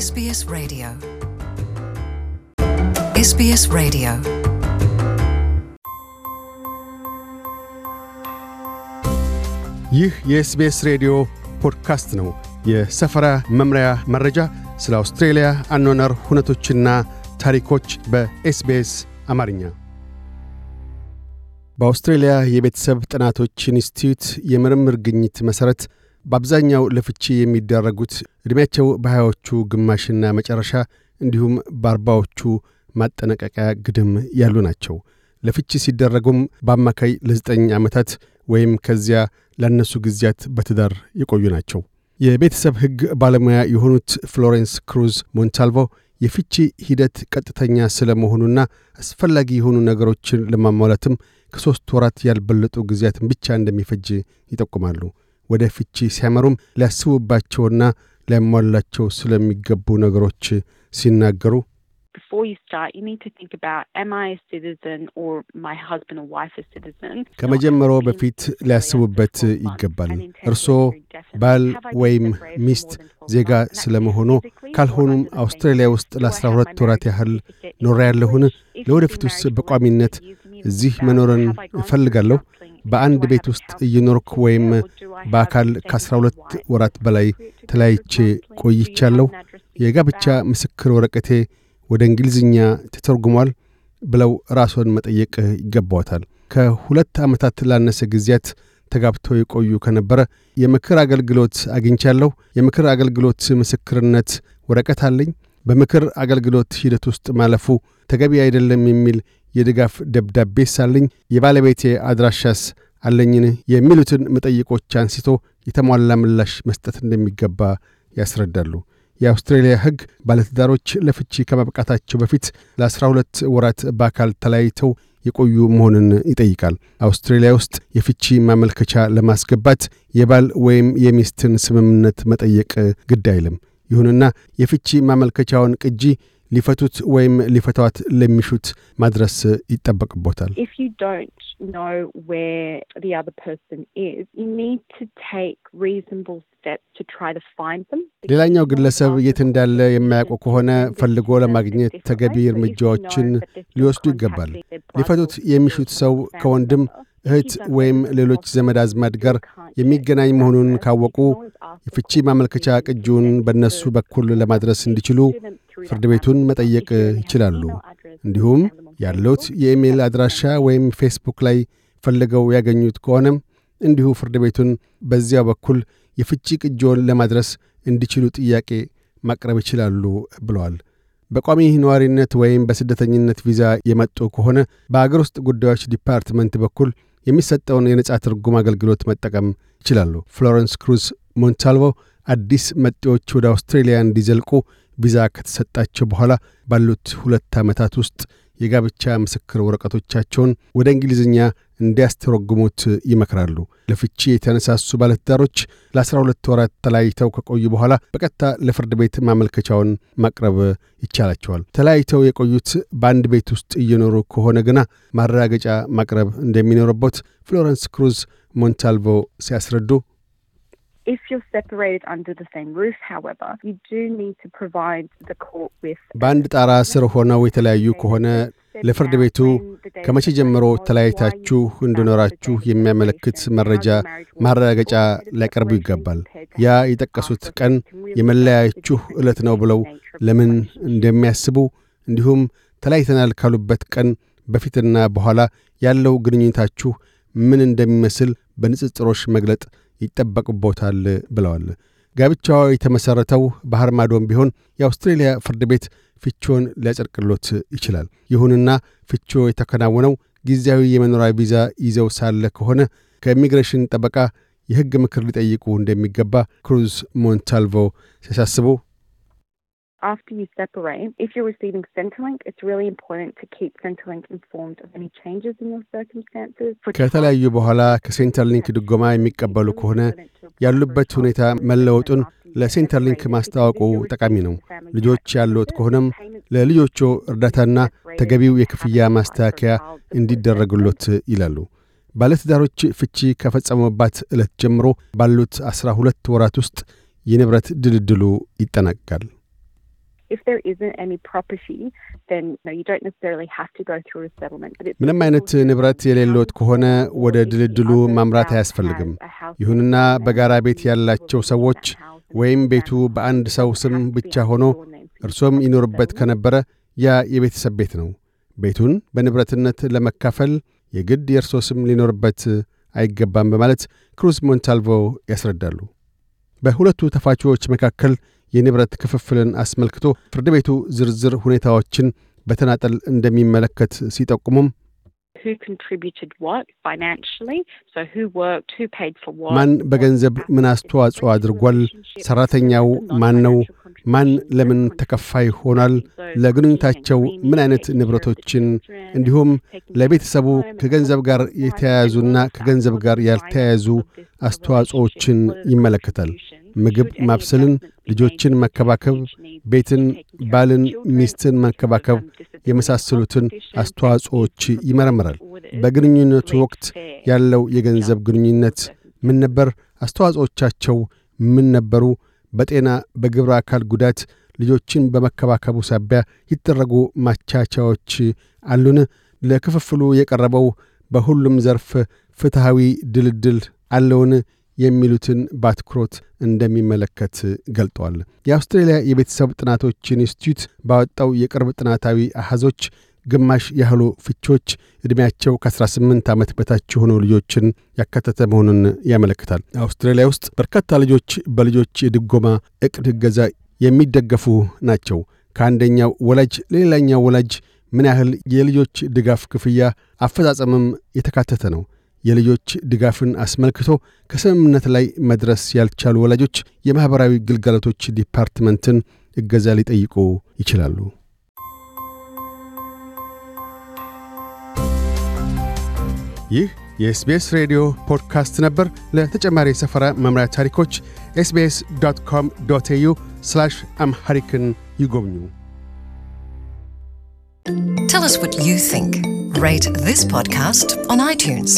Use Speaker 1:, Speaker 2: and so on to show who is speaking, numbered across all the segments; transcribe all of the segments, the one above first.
Speaker 1: SBS Radio SBS Radio ይህ የኤስቢኤስ ሬዲዮ ፖድካስት ነው። የሰፈራ መምሪያ መረጃ፣ ስለ አውስትሬልያ አኗነር ሁነቶችና ታሪኮች በኤስቢኤስ አማርኛ። በአውስትሬልያ የቤተሰብ ጥናቶች ኢንስቲትዩት የምርምር ግኝት መሠረት በአብዛኛው ለፍቺ የሚደረጉት ዕድሜያቸው በሀያዎቹ ግማሽና መጨረሻ እንዲሁም በአርባዎቹ ማጠናቀቂያ ግድም ያሉ ናቸው። ለፍቺ ሲደረጉም በአማካይ ለዘጠኝ ዓመታት ወይም ከዚያ ላነሱ ጊዜያት በትዳር የቆዩ ናቸው። የቤተሰብ ሕግ ባለሙያ የሆኑት ፍሎሬንስ ክሩዝ ሞንታልቮ የፍቺ ሂደት ቀጥተኛ ስለ መሆኑና አስፈላጊ የሆኑ ነገሮችን ለማሟላትም ከሦስት ወራት ያልበለጡ ጊዜያትን ብቻ እንደሚፈጅ ይጠቁማሉ። ወደ ፍቺ ሲያመሩም ሊያስቡባቸውና ሊያሟላቸው ስለሚገቡ ነገሮች ሲናገሩ ከመጀመሮ በፊት ሊያስቡበት ይገባል። እርሶ ባል ወይም ሚስት ዜጋ ስለመሆኖ፣ ካልሆኑም አውስትራሊያ ውስጥ ለአስራ ሁለት ወራት ያህል ለወደፊት ውስጥ በቋሚነት እዚህ መኖርን እፈልጋለሁ? በአንድ ቤት ውስጥ እየኖርኩ ወይም በአካል ከአስራ ሁለት ወራት በላይ ተለያይቼ ቆይቻለሁ። የጋብቻ ምስክር ወረቀቴ ወደ እንግሊዝኛ ተተርጉሟል ብለው ራስዎን መጠየቅ ይገባዎታል። ከሁለት ዓመታት ላነሰ ጊዜያት ተጋብተው የቆዩ ከነበረ የምክር አገልግሎት አግኝቻለሁ። የምክር አገልግሎት ምስክርነት ወረቀት አለኝ። በምክር አገልግሎት ሂደት ውስጥ ማለፉ ተገቢ አይደለም የሚል የድጋፍ ደብዳቤ ሳለኝ የባለቤቴ አድራሻስ አለኝን የሚሉትን መጠይቆች አንስቶ የተሟላ ምላሽ መስጠት እንደሚገባ ያስረዳሉ። የአውስትሬልያ ሕግ ባለትዳሮች ለፍቺ ከማብቃታቸው በፊት ለአስራ ሁለት ወራት በአካል ተለያይተው የቆዩ መሆንን ይጠይቃል። አውስትሬልያ ውስጥ የፍቺ ማመልከቻ ለማስገባት የባል ወይም የሚስትን ስምምነት መጠየቅ ግድ አይልም። ይሁንና የፍቺ ማመልከቻውን ቅጂ ሊፈቱት ወይም ሊፈቷት ለሚሹት ማድረስ ይጠበቅቦታል። ሌላኛው ግለሰብ የት እንዳለ የማያውቁ ከሆነ ፈልጎ ለማግኘት ተገቢ እርምጃዎችን ሊወስዱ ይገባል። ሊፈቱት የሚሹት ሰው ከወንድም እህት፣ ወይም ሌሎች ዘመድ አዝማድ ጋር የሚገናኝ መሆኑን ካወቁ የፍቺ ማመልከቻ ቅጂውን በእነሱ በኩል ለማድረስ እንዲችሉ ፍርድ ቤቱን መጠየቅ ይችላሉ። እንዲሁም ያለውት የኢሜይል አድራሻ ወይም ፌስቡክ ላይ ፈልገው ያገኙት ከሆነም እንዲሁ ፍርድ ቤቱን በዚያው በኩል የፍቺ ቅጂውን ለማድረስ እንዲችሉ ጥያቄ ማቅረብ ይችላሉ ብለዋል። በቋሚ ነዋሪነት ወይም በስደተኝነት ቪዛ የመጡ ከሆነ በአገር ውስጥ ጉዳዮች ዲፓርትመንት በኩል የሚሰጠውን የነጻ ትርጉም አገልግሎት መጠቀም ይችላሉ። ፍሎረንስ ክሩዝ ሞንታልቮ አዲስ መጤዎች ወደ አውስትሬልያ እንዲዘልቁ ቪዛ ከተሰጣቸው በኋላ ባሉት ሁለት ዓመታት ውስጥ የጋብቻ ምስክር ወረቀቶቻቸውን ወደ እንግሊዝኛ እንዲያስተረጉሙት ይመክራሉ። ለፍቺ የተነሳሱ ባለትዳሮች ለ12 ወራት ተለያይተው ከቆዩ በኋላ በቀጥታ ለፍርድ ቤት ማመልከቻውን ማቅረብ ይቻላቸዋል። ተለያይተው የቆዩት በአንድ ቤት ውስጥ እየኖሩ ከሆነ ግና ማረጋገጫ ማቅረብ እንደሚኖርቦት ፍሎረንስ ክሩዝ ሞንታልቮ ሲያስረዱ በአንድ ጣራ ስር ሆነው የተለያዩ ከሆነ ለፍርድ ቤቱ ከመቼ ጀምሮ ተለያይታችሁ እንደኖራችሁ የሚያመለክት መረጃ ማረጋገጫ ሊያቀርቡ ይገባል። ያ የጠቀሱት ቀን የመለያያችሁ ዕለት ነው ብለው ለምን እንደሚያስቡ እንዲሁም ተለያይተናል ካሉበት ቀን በፊትና በኋላ ያለው ግንኙነታችሁ ምን እንደሚመስል በንጽጽሮች መግለጥ ይጠበቅቦታል ብለዋል። ጋብቻዋ የተመሠረተው ባህር ማዶም ቢሆን የአውስትሬልያ ፍርድ ቤት ፍቺውን ሊያጸድቅሎት ይችላል። ይሁንና ፍቺው የተከናወነው ጊዜያዊ የመኖሪያ ቪዛ ይዘው ሳለ ከሆነ ከኢሚግሬሽን ጠበቃ የሕግ ምክር ሊጠይቁ እንደሚገባ ክሩዝ ሞንታልቮ ሲያሳስቡ after you separate, if you're receiving Centrelink, it's really important to keep Centrelink informed of any changes in your circumstances. ከተለያዩ በኋላ ከሴንተርሊንክ ድጎማ የሚቀበሉ ከሆነ ያሉበት ሁኔታ መለወጡን ለሴንተርሊንክ ማስታወቁ ጠቃሚ ነው። ልጆች ያለዎት ከሆነም ለልጆቹ እርዳታና ተገቢው የክፍያ ማስተካከያ እንዲደረግሎት ይላሉ። ባለትዳሮች ፍቺ ከፈጸሙባት ዕለት ጀምሮ ባሉት ዐሥራ ሁለት ወራት ውስጥ የንብረት ድልድሉ ይጠናቀቃል። ምንም አይነት ንብረት የሌሎት ከሆነ ወደ ድልድሉ ማምራት አያስፈልግም። ይሁንና በጋራ ቤት ያላቸው ሰዎች ወይም ቤቱ በአንድ ሰው ስም ብቻ ሆኖ እርሶም ይኖርበት ከነበረ ያ የቤተሰብ ቤት ነው። ቤቱን በንብረትነት ለመካፈል የግድ የእርሶ ስም ሊኖርበት አይገባም በማለት ክሩዝ ሞንታልቮ ያስረዳሉ። በሁለቱ ተፋቾዎች መካከል የንብረት ክፍፍልን አስመልክቶ ፍርድ ቤቱ ዝርዝር ሁኔታዎችን በተናጠል እንደሚመለከት ሲጠቁሙም ማን በገንዘብ ምን አስተዋጽኦ አድርጓል? ሰራተኛው ማን ነው? ማን ለምን ተከፋይ ሆኗል? ለግንኙታቸው ምን አይነት ንብረቶችን እንዲሁም ለቤተሰቡ ከገንዘብ ጋር የተያያዙና ከገንዘብ ጋር ያልተያያዙ አስተዋጽኦዎችን ይመለከታል። ምግብ ማብሰልን፣ ልጆችን መከባከብ፣ ቤትን፣ ባልን፣ ሚስትን መከባከብ የመሳሰሉትን አስተዋጽኦዎች ይመረምራል። በግንኙነቱ ወቅት ያለው የገንዘብ ግንኙነት ምን ነበር? አስተዋጽኦቻቸው ምን ነበሩ? በጤና፣ በግብረ አካል ጉዳት፣ ልጆችን በመከባከቡ ሳቢያ ይደረጉ ማቻቻዎች አሉን? ለክፍፍሉ የቀረበው በሁሉም ዘርፍ ፍትሐዊ ድልድል አለውን? የሚሉትን ባትኩሮት እንደሚመለከት ገልጧል። የአውስትሬልያ የቤተሰብ ጥናቶች ኢንስቲትዩት ባወጣው የቅርብ ጥናታዊ አሐዞች ግማሽ ያህሉ ፍቾች ዕድሜያቸው ከ18 ዓመት በታች የሆኑ ልጆችን ያካተተ መሆኑን ያመለክታል። አውስትራሊያ ውስጥ በርካታ ልጆች በልጆች የድጎማ ዕቅድ እገዛ የሚደገፉ ናቸው። ከአንደኛው ወላጅ ለሌላኛው ወላጅ ምን ያህል የልጆች ድጋፍ ክፍያ አፈጻጸምም የተካተተ ነው። የልጆች ድጋፍን አስመልክቶ ከስምምነት ላይ መድረስ ያልቻሉ ወላጆች የማኅበራዊ ግልጋሎቶች ዲፓርትመንትን እገዛ ሊጠይቁ ይችላሉ። ይህ የኤስቤስ ሬዲዮ ፖድካስት ነበር። ለተጨማሪ የሰፈራ መምሪያ ታሪኮች ኤስቤስ ዶት ኮም ዶት ኤዩ አምሐሪክን ይጎብኙ። Tell us what you think. Rate this podcast on iTunes.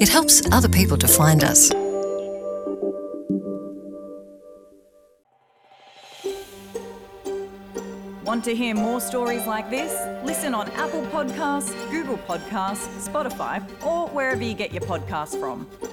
Speaker 1: It helps other people to find us. Want to hear more stories like this? Listen on Apple Podcasts, Google Podcasts, Spotify, or wherever you get your podcasts from.